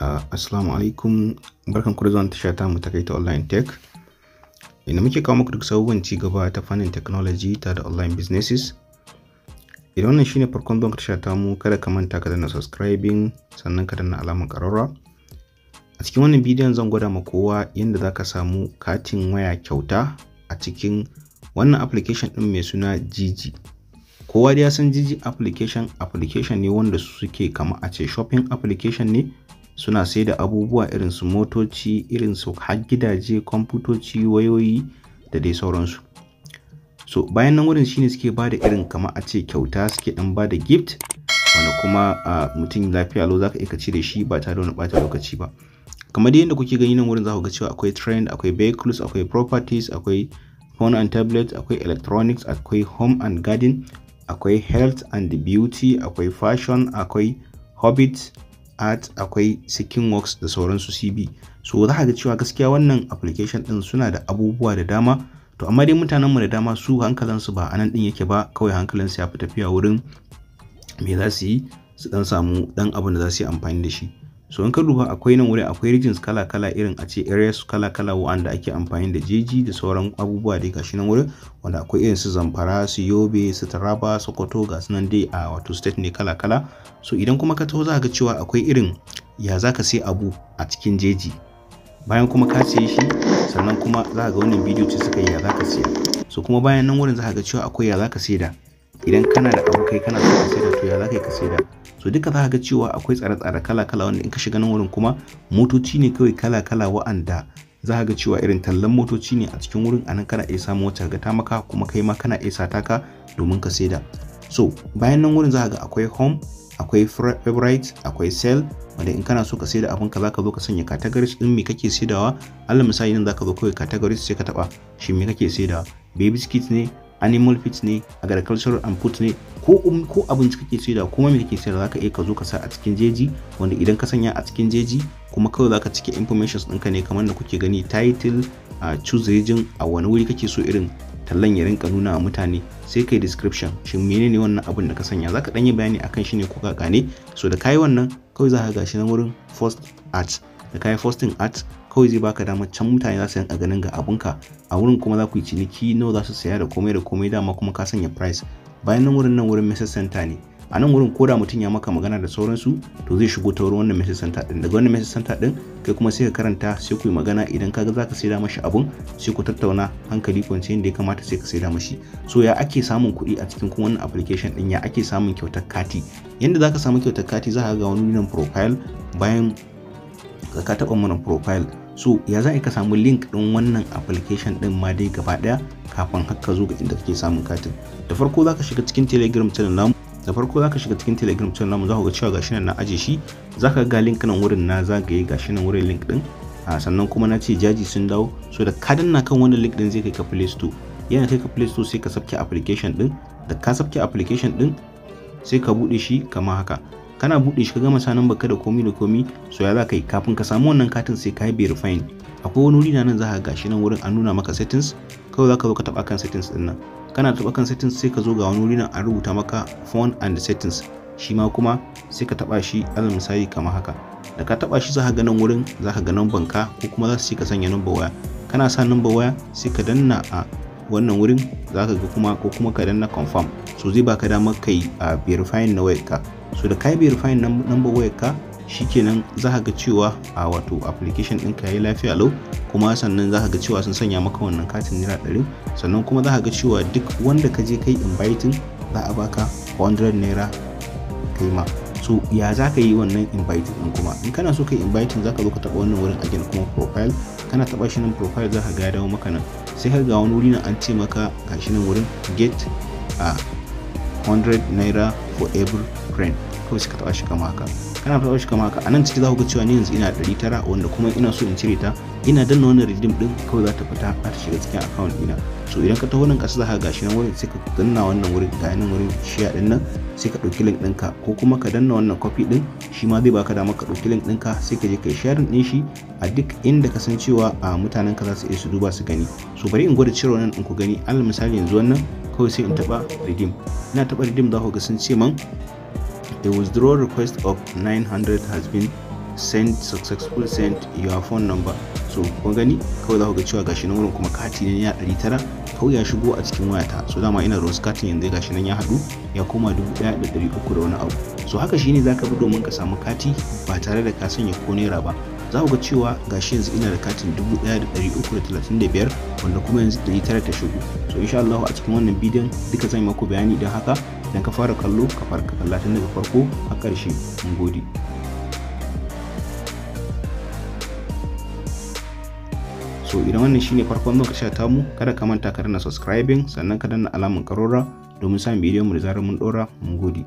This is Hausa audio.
Uh, Assalamu alaikum barkan ku da zuwa tasha ta mu ta kai ta online tech inda muke kawo muku duk sabuwar ci gaba ta fannin technology ta da online businesses idan wannan shine farkon zuwa tasha ta mu kada ka manta ka danna subscribing sannan ka danna alamar karara a cikin wannan bidiyon zan gwada ma kowa yadda za ka samu katin waya kyauta a cikin wannan application din mai suna Gigi kowa da ya san Gigi application application ne wanda suke kama a ce shopping application ne suna sai da abubuwa irin su motoci irin su har gidaje kwamfutoci wayoyi da dai sauransu so bayan nan wurin shine suke bada irin kama a ce kyauta suke dan bada gift wanda kuma a mutum lafiya lo zaka iya da shi ba tare da wani bata lokaci ba kamar yadda kuke gani nan wurin zaku ga cewa akwai trend akwai vehicles akwai properties akwai phone and tablet akwai electronics akwai home and garden akwai health and beauty akwai fashion akwai hobbits art akwai skin works da sauransu cb so za ka ga cewa gaskiya wannan application din suna da abubuwa da dama to amma dai mutanenmu da dama su hankalinsu ba anan din yake ba kawai hankalinsu ya fi tafiya wurin me za su yi su dan samu dan abin da za su yi amfani da shi so in ka duba akwai nan wurin akwai regions kala kala irin a ce areas kala kala wanda ake amfani da jeji da sauran abubuwa dai gashi nan wurin wanda akwai irin su zamfara su yobe su taraba sokoto ga nan dai a wato state ne kala kala so idan kuma ka taho za ga cewa akwai irin ya za ka sai abu a cikin jeji bayan kuma ka sai shi sannan kuma za ka ga wannan bidiyo ce suka yi ya za ka siya so kuma bayan nan wurin za ka ga cewa akwai ya za ka sai da idan kana da abu kai kana so ka saida to ya za ka yi ka saida so duka za ka ga cewa akwai tsare-tsare kala-kala wanda in ka shiga nan wurin kuma motoci ne kawai kala-kala wa'anda za ka ga cewa irin tallan motoci ne a cikin wurin anan kana iya samun wacce ga ta maka kuma kai ma kana iya sata ka domin ka saida so bayan nan wurin za ka ga akwai home akwai favorite akwai sell wanda in kana so ka saida za ka zo ka sanya categories din me kake saidawa allah misali nan za ka zo kawai categories sai ka taba shi me kake saidawa baby biscuit ne animal feed ne agricultural and food ne ko um, ko abinci kake sayarwa kuma me kake sayarwa zaka iya ka zo ka sa a cikin jeji wanda idan ka sanya a cikin jeji kuma kawai zaka cike informations ɗinka ne kamar da kuke gani title a choose region a wani wuri kake so irin tallan ya rinka nuna wa mutane sai kai description shin menene wannan abin da ka sanya zaka dan yi bayani akan shi ne ko kaka ne so da kai wannan kawai zaka ka gashi na wurin first art da kai posting art kawai zai baka dama can mutane za su yi a ganin ga abunka a wurin kuma za ku yi ciniki nawa za su saya da komai da komai dama kuma ka sanya price bayan nan wurin nan wurin message center ne a nan wurin koda mutum ya maka magana da sauransu to zai shigo ta wurin wannan message center din daga wannan message center din kai kuma sai ka karanta sai ku yi magana idan ka za zaka saida mashi abun sai ku tattauna hankali kwance da ya kamata sai ka saida mashi so ya ake samun kuɗi a cikin kuma wannan application din ya ake samun kyautar kati yanda ka samu kyautar kati za ka ga wani nan profile bayan ka taba mana profile so ya za ka samu link din wannan application din ma dai gaba daya kafin haka zo ga inda kake samun katin da farko za shiga cikin telegram channel namu da farko zaka shiga cikin telegram channel namu za ga cewa gashi nan na aje shi zaka ga link nan wurin na zagaye gashi nan wurin link din a ah, sannan kuma na ce jaji sun dawo so da ka danna kan wannan link din zai kai ka play store yana kai ka play store sai ka sabke application din da ka sabke application din sai ka bude shi kamar haka kana buɗe shi ka gama sa baka da komi da komi so ya za ka yi kafin ka samu wannan katin sai ka yi verifying akwai wani wuri na nan za ka gashi nan wurin an nuna maka settings kawai za ka zo ka taɓa kan settings ɗin nan kana taɓa kan settings sai ka zo ga wani wuri nan an rubuta maka phone and settings shi ma kuma sai ka taɓa shi alal misali kamar haka da ka taɓa shi za ka ga nan wurin za ka ga nan banka ko kuma za su ce ka sanya number waya kana sa number waya sai ka danna a wannan wurin za ka ga kuma ko kuma ka danna confirm so zai baka damar kai a ah, verifying na wayarka so da kai verifying number wayarka shikenan za ka ga cewa a ah, wato application din ka yi lafiya lau kuma sannan za ka ga cewa sun sanya maka wannan katin naira ɗari sannan kuma za ka ga cewa duk wanda ka je kai inviting za a baka 100 naira kai ma so ya za ka yi wannan invite din kuma in kana so ka yi inviting za ka zo ka taɓa wannan wurin again kuma profile kana taɓa shi nan profile za ka ga dawo maka nan sai har ga wani wuri na an ce maka ga shi nan wurin get a 100 naira for every friend kawai suka ka taɓa shi kama haka kana taɓa shi kama haka a nan ciki za ku ga cewa ni yanzu ina tara wanda kuma ina so in cire ta ina danna wannan redeem din kawai za ta fita a ta shiga cikin account ina so idan ka taho nan kasa za ka gashi nan wurin sai ka danna wannan wurin ga nan wurin share din nan sai ka ɗauki link ɗinka ko kuma ka danna wannan copy din shi ma zai baka dama ka ɗauki link ɗinka sai ka je kai sharing din shi a duk inda ka san cewa a mutanen ka za su iya su duba su gani so bari in gwada cire wannan in ku gani alal misali yanzu wannan kawai sai in taba redeem ina taba redeem za ku ga sun ce man the withdrawal request of 900 has been sent successful sent your phone number so kun gani kawai za ku ga cewa gashi nan wurin kuma kati ne ya 900 kawai ya shigo a cikin wayata so dama ina da wasu katin yanzu gashi nan ya hadu ya koma 1300 da wani abu so haka shine zaka bi domin ka samu kati ba tare da ka sanya ko naira ba za ku ga cewa gashi yanzu ina da katin 1335 wanda kuma yanzu 900 ta shigo so insha Allah a cikin wannan bidiyon duka zan yi maku bayani don haka idan ka fara kallo ka farka kalla tun daga farko a karshe mun gode so idan wannan shine farkon zuwa karshe ta mu kada ka manta ka danna subscribing sannan ka danna alamun karora domin samun bidiyon mu da zarar mun dora mun gode